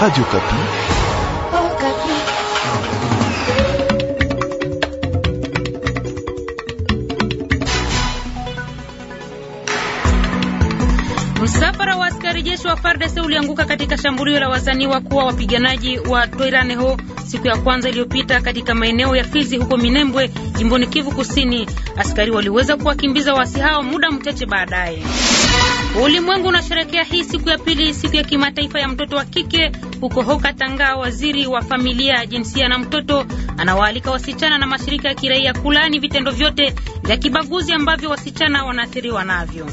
Radio Kapi. Oh, Kapi. Msafara wa askari jeshi wa FARDC ulianguka katika shambulio la wazaniwa kuwa wapiganaji wa Twiraneho siku ya kwanza iliyopita katika maeneo ya Fizi huko Minembwe, jimboni Kivu Kusini. Askari waliweza kuwakimbiza waasi hao muda mchache baadaye. Ulimwengu unasherekea hii siku ya pili, siku ya kimataifa ya mtoto wa kike huko Hoka Tanga. Waziri wa familia, jinsia na mtoto anawaalika wasichana na mashirika ya kiraia kulaani vitendo vyote vya kibaguzi ambavyo wasichana wanaathiriwa navyo.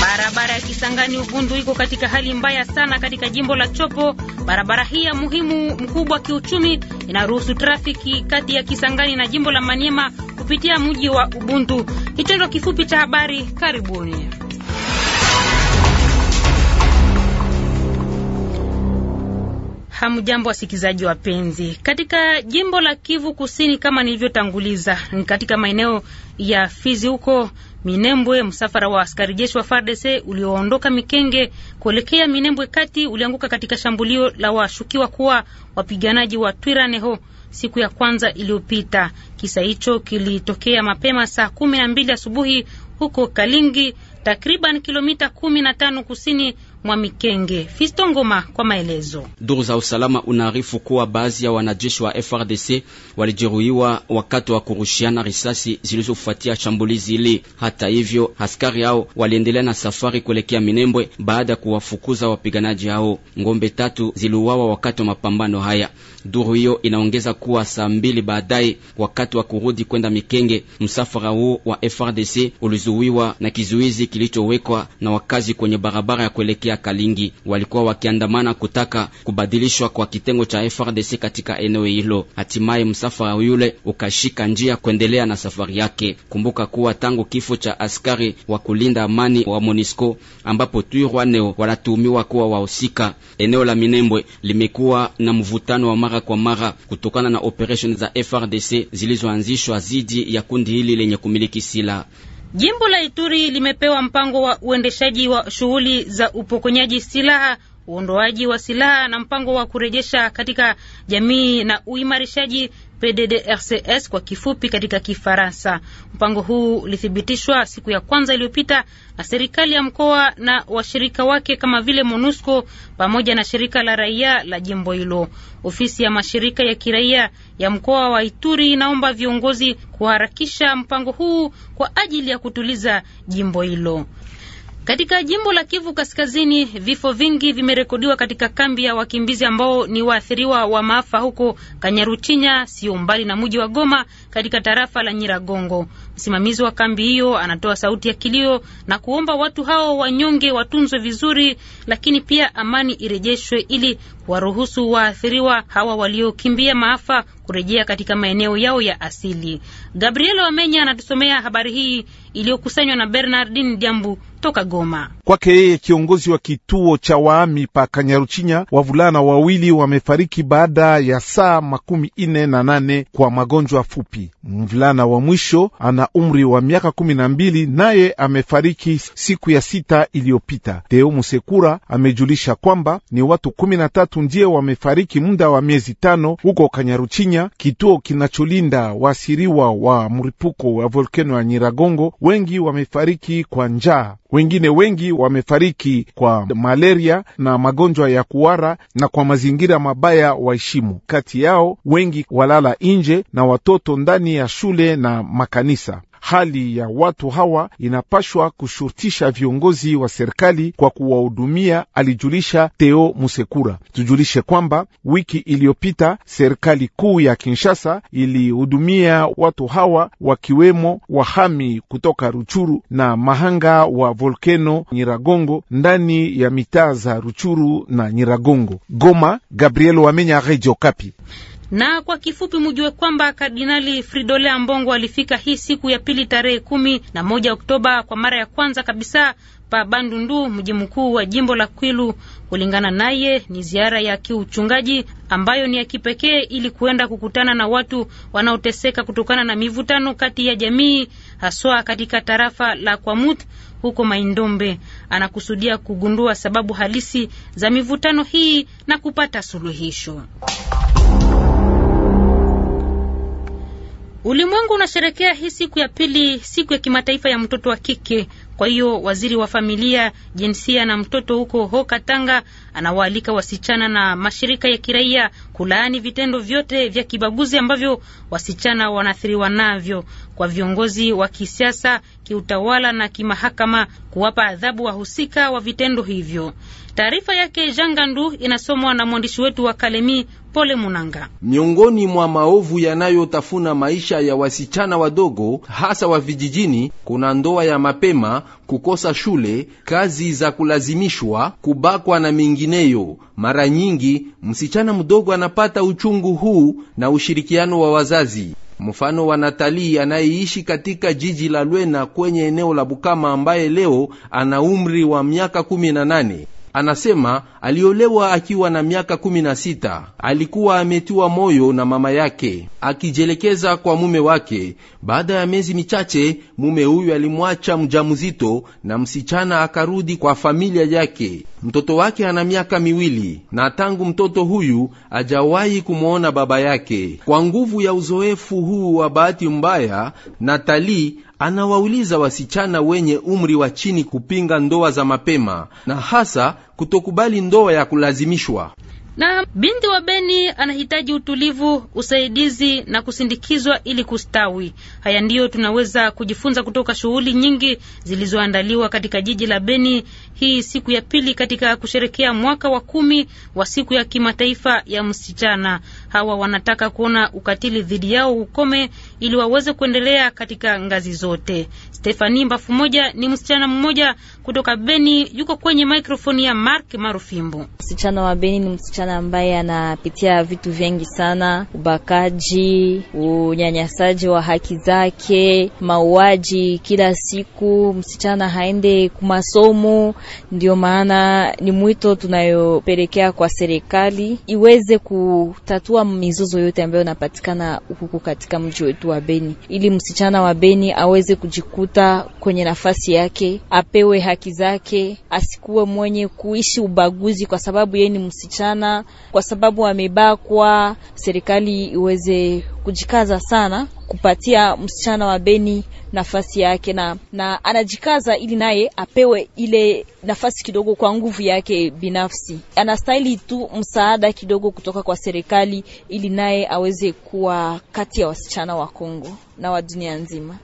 Barabara ya Kisangani Ubundu iko katika hali mbaya sana katika jimbo la Chopo. Barabara hii ya muhimu mkubwa kiuchumi inaruhusu trafiki kati ya Kisangani na jimbo la Maniema kupitia mji wa Ubundu. Kitendo kifupi cha habari, karibuni. Hamjambo wasikilizaji wapenzi. Katika jimbo la Kivu Kusini, kama nilivyotanguliza, ni katika maeneo ya Fizi huko Minembwe, msafara wa askari jeshi wa FARDC ulioondoka Mikenge kuelekea Minembwe kati ulianguka katika shambulio la washukiwa kuwa wapiganaji wa Twiraneho siku ya kwanza iliyopita. Kisa hicho kilitokea mapema saa kumi na mbili asubuhi huko Kalingi, takriban kilomita kumi na tano kusini Mwamikenge Fisto Ngoma kwa maelezo. Duru za usalama unaarifu kuwa baadhi ya wanajeshi wa FRDC walijeruhiwa wakati wa kurushiana risasi zilizofuatia shambulizi hili. Hata hivyo, askari hao waliendelea na safari kuelekea Minembwe baada ya kuwafukuza wapiganaji hao. Ngombe tatu ziliuawa wakati wa mapambano haya. Duru hiyo inaongeza kuwa saa mbili baadaye, wakati wa kurudi kwenda Mikenge, msafara huo wa FRDC ulizuiwa na kizuizi kilichowekwa na wakazi kwenye barabara ya kuelekea kupitia Kalingi walikuwa wakiandamana kutaka kubadilishwa kwa kitengo cha FRDC katika eneo hilo. Hatimaye msafara yule ukashika njia kuendelea na safari yake. Kumbuka kuwa tangu kifo cha askari wa kulinda amani wa MONUSCO ambapo Twirwaneho wanatuhumiwa kuwa wahusika, eneo la Minembwe limekuwa na mvutano wa mara kwa mara kutokana na operation za FRDC zilizoanzishwa dhidi ya kundi hili lenye kumiliki silaha. Jimbo la Ituri limepewa mpango wa uendeshaji wa shughuli za upokonyaji silaha, uondoaji wa silaha na mpango wa kurejesha katika jamii na uimarishaji PDDRCS kwa kifupi katika Kifaransa. Mpango huu ulithibitishwa siku ya kwanza iliyopita na serikali ya mkoa na washirika wake kama vile MONUSCO pamoja na shirika la raia la jimbo hilo. Ofisi ya mashirika ya kiraia ya mkoa wa Ituri inaomba viongozi kuharakisha mpango huu kwa ajili ya kutuliza jimbo hilo. Katika jimbo la Kivu Kaskazini, vifo vingi vimerekodiwa katika kambi ya wakimbizi ambao ni waathiriwa wa maafa huko Kanyaruchinya, sio mbali na mji wa Goma, katika tarafa la Nyiragongo. Msimamizi wa kambi hiyo anatoa sauti ya kilio na kuomba watu hao wanyonge watunzwe vizuri, lakini pia amani irejeshwe ili kuwaruhusu waathiriwa hawa waliokimbia maafa kurejea katika maeneo yao ya asili. Gabriel Wamenya anatusomea habari hii iliyokusanywa na Bernardin Jambu toka Goma. Kwake yeye, kiongozi wa kituo cha waami pa Kanyaruchinya, wavulana wawili wamefariki baada ya saa makumi ine na nane kwa magonjwa fupi. Mvulana wa mwisho ana na umri wa miaka kumi na mbili, naye amefariki siku ya sita iliyopita. Theo Musekura amejulisha kwamba ni watu kumi na tatu ndiye wamefariki muda wa miezi tano huko Kanyaruchinya, kituo kinacholinda waasiriwa wa mripuko wa volkeno ya Nyiragongo. Wengi wamefariki kwa njaa, wengine wengi wamefariki kwa malaria na magonjwa ya kuwara na kwa mazingira mabaya waishimu. Kati yao wengi walala nje na watoto ndani ya shule na makanisa kabisa. Hali ya watu hawa inapashwa kushurutisha viongozi wa serikali kwa kuwahudumia, alijulisha teo Musekura. Tujulishe kwamba wiki iliyopita serikali kuu ya Kinshasa ilihudumia watu hawa wakiwemo wahami kutoka Ruchuru na mahanga wa volkeno Nyiragongo ndani ya mitaa za Ruchuru na Nyiragongo. Goma, Gabriel Wamenya, Radio Okapi. Na kwa kifupi mujue kwamba Kardinali Fridole Ambongo alifika hii siku ya pili tarehe kumi na moja Oktoba kwa mara ya kwanza kabisa pa Bandundu, mji mkuu wa jimbo la Kwilu. Kulingana naye, ni ziara ya kiuchungaji ambayo ni ya kipekee ili kuenda kukutana na watu wanaoteseka kutokana na mivutano kati ya jamii, haswa katika tarafa la Kwamut huko Maindombe. Anakusudia kugundua sababu halisi za mivutano hii na kupata suluhisho. Ulimwengu unasherekea hii siku ya pili, siku ya kimataifa ya mtoto wa kike. Kwa hiyo waziri wa familia, jinsia na mtoto huko hokatanga anawaalika wasichana na mashirika ya kiraia kulaani vitendo vyote vya kibaguzi ambavyo wasichana wanaathiriwa navyo kwa viongozi wa kisiasa, kiutawala na kimahakama kuwapa adhabu wahusika wa vitendo hivyo. Taarifa yake Jangandu inasomwa na mwandishi wetu wa Kalemi Pole Munanga. Miongoni mwa maovu yanayotafuna maisha ya wasichana wadogo hasa wa vijijini, kuna ndoa ya mapema, kukosa shule, kazi za kulazimishwa, kubakwa na mengineyo. Mara nyingi msichana mdogo anapata uchungu huu na ushirikiano wa wazazi mfano wa Natalii anayeishi katika jiji la Lwena kwenye eneo la Bukama, ambaye leo ana umri wa miaka kumi na nane. Anasema aliolewa akiwa na miaka kumi na sita. Alikuwa ametiwa moyo na mama yake akijielekeza kwa mume wake. Baada ya miezi michache, mume huyu alimwacha mjamzito na msichana akarudi kwa familia yake. Mtoto wake ana miaka miwili, na tangu mtoto huyu ajawahi kumwona baba yake. Kwa nguvu ya uzoefu huu wa bahati mbaya, Natali anawauliza wasichana wenye umri wa chini kupinga ndoa za mapema na hasa kutokubali ndoa ya kulazimishwa. Na binti wa Beni anahitaji utulivu, usaidizi na kusindikizwa ili kustawi. Haya ndiyo tunaweza kujifunza kutoka shughuli nyingi zilizoandaliwa katika jiji la Beni hii siku ya pili katika kusherekea mwaka wa kumi wa siku ya kimataifa ya msichana. Hawa wanataka kuona ukatili dhidi yao ukome ili waweze kuendelea katika ngazi zote. Stefani Mbafu moja ni msichana mmoja kutoka Beni yuko kwenye mikrofoni ya Mark Marufimbo. Msichana wa Beni ni msichana ambaye anapitia vitu vingi sana: ubakaji, unyanyasaji wa haki zake, mauaji kila siku. Msichana haende kumasomo, ndio maana ni mwito tunayopelekea kwa serikali iweze kutatua mizozo yote ambayo inapatikana huku katika mji wetu wa Beni, ili msichana wa Beni aweze kujikuta kwenye nafasi yake, apewe haki zake, asikuwe mwenye kuishi ubaguzi kwa sababu yeye ni msichana, kwa sababu amebakwa. Serikali iweze kujikaza sana kupatia msichana wa Beni nafasi yake na, na anajikaza ili naye apewe ile nafasi kidogo kwa nguvu yake binafsi. Anastahili tu msaada kidogo kutoka kwa serikali ili naye aweze kuwa kati ya wasichana wa Kongo na wa dunia nzima.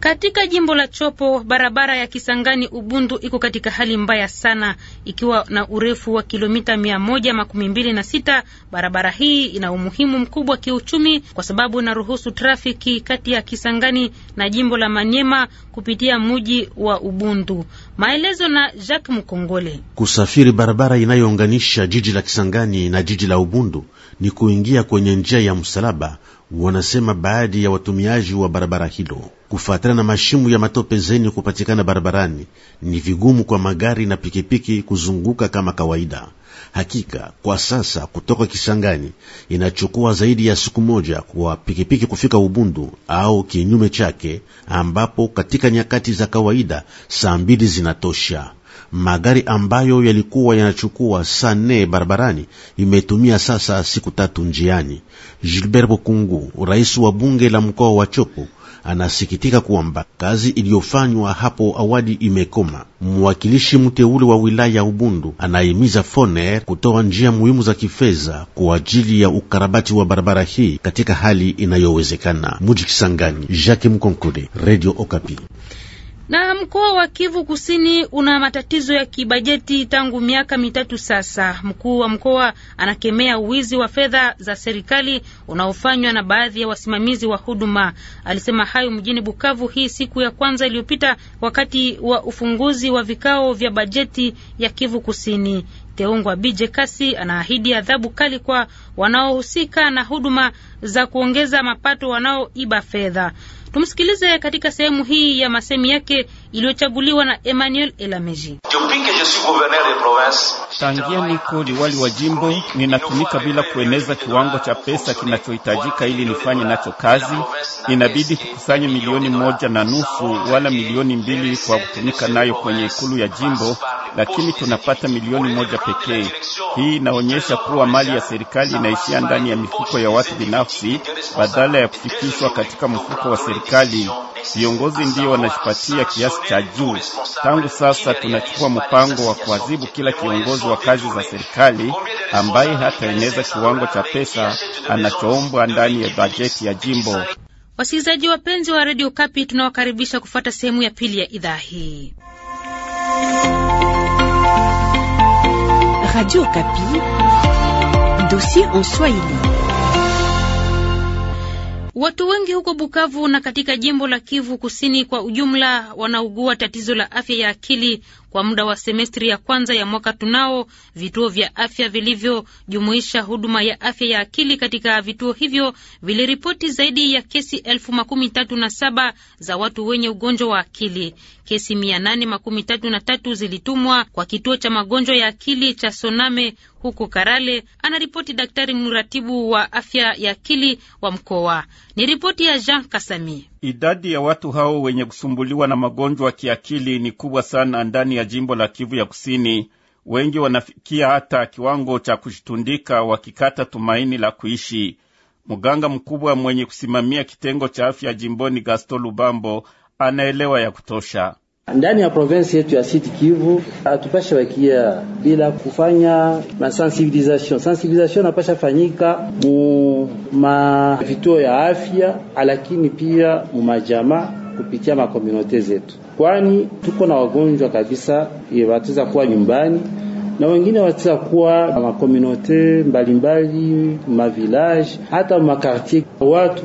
Katika jimbo la Chopo barabara ya Kisangani Ubundu iko katika hali mbaya sana, ikiwa na urefu wa kilomita mia moja makumi mbili na sita. Barabara hii ina umuhimu mkubwa kiuchumi kwa sababu inaruhusu trafiki kati ya Kisangani na jimbo la Manyema kupitia muji wa Ubundu. Maelezo na Jacques Mkongole. Kusafiri barabara inayounganisha jiji la Kisangani na jiji la Ubundu ni kuingia kwenye njia ya msalaba wanasema baadhi ya watumiaji wa barabara hilo. Kufuatana na mashimo ya matope zenye kupatikana barabarani, ni vigumu kwa magari na pikipiki kuzunguka kama kawaida. Hakika kwa sasa kutoka Kisangani inachukua zaidi ya siku moja kwa pikipiki kufika Ubundu au kinyume chake, ambapo katika nyakati za kawaida saa mbili zinatosha magari ambayo yalikuwa yanachukua saa nne barabarani imetumia sasa siku tatu njiani. Gilbert Bokungu, rais wa bunge la mkoa wa Chopo, anasikitika kwamba kazi iliyofanywa hapo awali imekoma. Mwakilishi mteule wa wilaya ya Ubundu anahimiza Foner kutoa njia muhimu za kifedha kwa ajili ya ukarabati wa barabara hii katika hali inayowezekana. Muji Kisangani, Jacques Mkonkole, Radio Okapi. Na mkoa wa Kivu Kusini una matatizo ya kibajeti tangu miaka mitatu sasa. Mkuu wa mkoa anakemea uwizi wa fedha za serikali unaofanywa na baadhi ya wasimamizi wa huduma. Alisema hayo mjini Bukavu hii siku ya kwanza iliyopita wakati wa ufunguzi wa vikao vya bajeti ya Kivu Kusini. Teungwa BJ Kasi anaahidi adhabu kali kwa wanaohusika na huduma za kuongeza mapato wanaoiba fedha. Tumsikilize katika sehemu hii ya masemi yake iliyochaguliwa na Emmanuel Elameji. Tangia niko liwali wa jimbo, ninatumika bila kueneza kiwango cha pesa kinachohitajika ili nifanye nacho kazi. Inabidi kukusanya milioni moja na nusu wala milioni mbili kwa kutumika nayo kwenye ikulu ya jimbo, lakini tunapata milioni moja pekee. Hii inaonyesha kuwa mali ya serikali inaishia ndani ya mifuko ya watu binafsi badala ya kufikishwa katika mfuko wa serikali viongozi ndiyo wanajipatia kiasi cha juu. Tangu sasa tunachukua mpango wa kuadhibu kila kiongozi wa kazi za serikali ambaye hataeneza kiwango cha pesa anachoombwa ndani ya bajeti ya jimbo. Wasikilizaji wapenzi wa Radio Kapi, tunawakaribisha kufuata sehemu ya pili ya idhaa hii. Radio Kapi, dossier en Swahili. Watu wengi huko Bukavu na katika jimbo la Kivu Kusini kwa ujumla wanaugua tatizo la afya ya akili kwa muda wa semestri ya kwanza ya mwaka tunao. Vituo vya afya vilivyojumuisha huduma ya afya ya akili katika vituo hivyo viliripoti zaidi ya kesi elfu makumi tatu na saba za watu wenye ugonjwa wa akili. Kesi mia nane makumi tatu na tatu zilitumwa kwa kituo cha magonjwa ya akili cha Soname huko Karale, anaripoti daktari mratibu wa afya ya akili wa mkoa. Ni ripoti ya Jean Kasami. Idadi ya watu hao wenye kusumbuliwa na magonjwa kiakili ni kubwa sana ndani ya jimbo la Kivu ya Kusini. Wengi wanafikia hata kiwango cha kushitundika, wakikata tumaini la kuishi. Mganga mkubwa mwenye kusimamia kitengo cha afya jimboni, Gaston Lubambo, anaelewa ya kutosha ndani ya provensi yetu ya Sud Kivu hatupashe wakia bila kufanya masensibilisation. Sensibilisation napasha fanyika mu mavituo ya afya, lakini pia mu majamaa kupitia makomunote zetu, kwani tuko na wagonjwa kabisa watuza kuwa nyumbani na wengine kuwa makomunote mbalimbali, mavilage hata makartier. Watu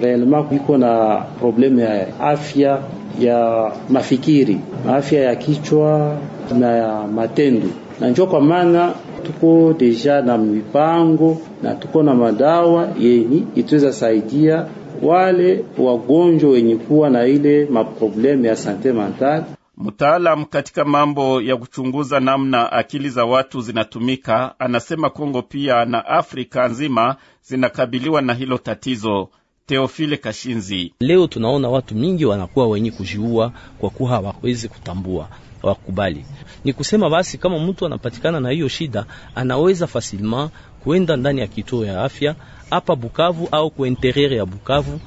reelema iko na probleme ya afya ya mafikiri, afya ya kichwa na ya matendo, na njo kwa maana tuko deja na mipango na tuko na madawa yenye itaweza saidia wale wagonjwa wenye kuwa na ile maprobleme ya sante mentale. Mtaalamu katika mambo ya kuchunguza namna akili za watu zinatumika anasema Kongo pia na Afrika nzima zinakabiliwa na hilo tatizo. Teofile Kashinzi: leo tunaona watu mingi wanakuwa wenye kujiua kwa kuwa hawawezi kutambua wakubali. Ni kusema basi, kama mtu anapatikana na hiyo shida, anaweza fasilma kuenda ndani ya kituo ya afya hapa Bukavu au kuenterere ya Bukavu,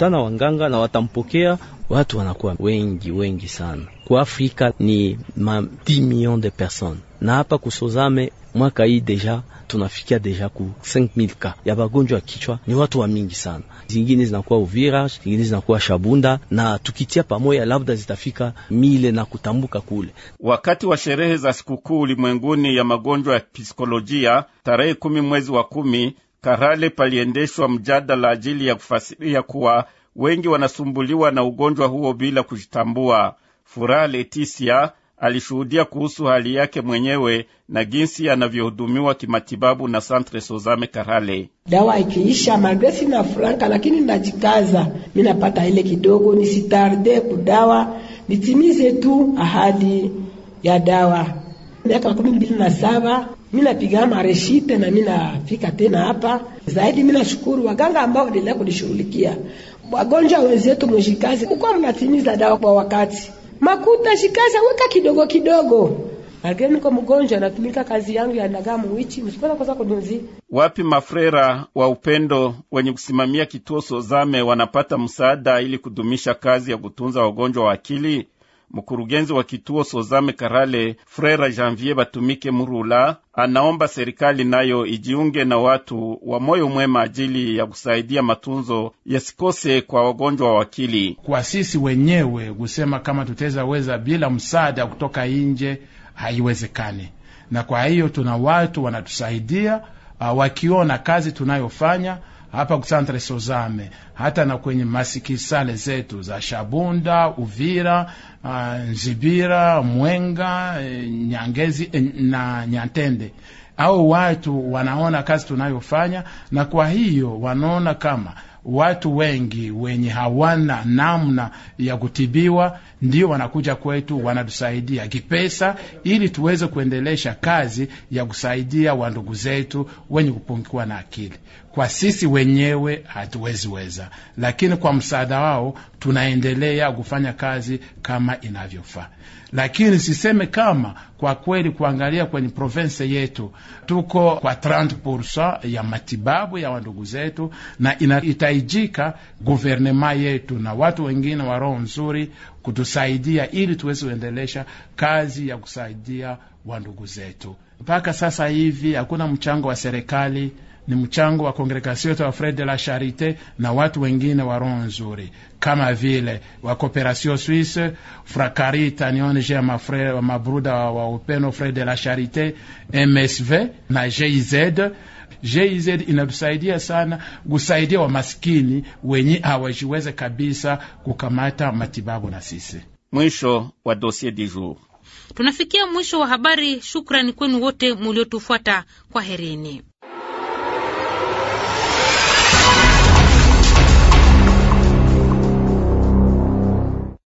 na wanganga na watampokea. Watu wanakuwa wengi wengi sana ku Afrika ni ma 10 millions de personnes, na hapa kusozame mwaka hii deja tunafikia deja ku 5000 ka ya bagonjwa ya kichwa, ni watu wa mingi sana. Zingine zinakuwa Uvira, zingine zinakuwa Shabunda, na tukitia pamoja labda zitafika mile na kutambuka kule. Wakati wa sherehe za sikukuu ulimwenguni ya magonjwa ya psikolojia tarehe kumi mwezi wa kumi, Karale paliendeshwa mjadala ajili ya kufasiria kuwa wengi wanasumbuliwa na ugonjwa huo bila kujitambua. Furaha Letisia alishuhudia kuhusu hali yake mwenyewe na jinsi anavyohudumiwa kimatibabu na Santre Sozame Karale. Dawa ikiisha magresi na franka, lakini najikaza minapata ile kidogo, nisitarde kudawa, nitimize tu ahadi ya dawa. Miaka kumi mbili na saba minapiga mareshite na minafika tena hapa zaidi. Minashukuru waganga ambao endelea kunishughulikia wagonjwa wenzetu, mwishikazi ukuwa mnatimiza dawa kwa wakati makuta shikaza, weka kidogo kidogo. Algeni kwa mgonjwa, natumika kazi yangu ya ndagamu wichi msipata kosa kudunzi. Wapi mafrera wa upendo wenye kusimamia kituo Sozame wanapata msaada ili kudumisha kazi ya kutunza wagonjwa wa akili? Mkurugenzi wa kituo Sozame Karale Frera Janvier Batumike Murula anaomba serikali nayo ijiunge na watu wa moyo mwema ajili ya kusaidia matunzo yasikose kwa wagonjwa wa akili. Kwa sisi wenyewe kusema kama weza bila msaada kutoka nje haiwezekani, na kwa hiyo tuna watu wanatusaidia ah, wakiona kazi tunayofanya hapa kusantre Sozame hata na kwenye masikisale zetu za Shabunda, Uvira Ah, zibira Mwenga, eh, Nyangezi eh, na nyatende au watu wanaona kazi tunayofanya, na kwa hiyo wanaona kama watu wengi wenye hawana namna ya kutibiwa ndio wanakuja kwetu, wanatusaidia kipesa ili tuweze kuendelesha kazi ya kusaidia wandugu zetu wenye kupungikiwa na akili. Kwa sisi wenyewe hatuwezi weza, lakini kwa msaada wao tunaendelea kufanya kazi kama inavyofaa, lakini siseme kama kwa kweli, kuangalia kwenye provense yetu tuko kwa 30% ya matibabu ya wandugu zetu, na inahitajika guvernema yetu na watu wengine wa roho nzuri kutusaidia ili tuweze kuendelesha kazi ya kusaidia wandugu zetu. Mpaka sasa hivi hakuna mchango wa serikali ni mchango wa Congregation wa Fred de la Charite na watu wengine wa roho nzuri kama vile wa Cooperation Suisse, Fracarita ni ONG ya mabruda wa upeno Fred de la Charite, MSV na GIZ. GIZ inatusaidia sana kusaidia wamaskini wenye hawajiweze kabisa kukamata matibabu na sisi. Mwisho wa dossier du jour. Tunafikia mwisho wa habari. Shukrani kwenu wote muliotufuata. kwa herini.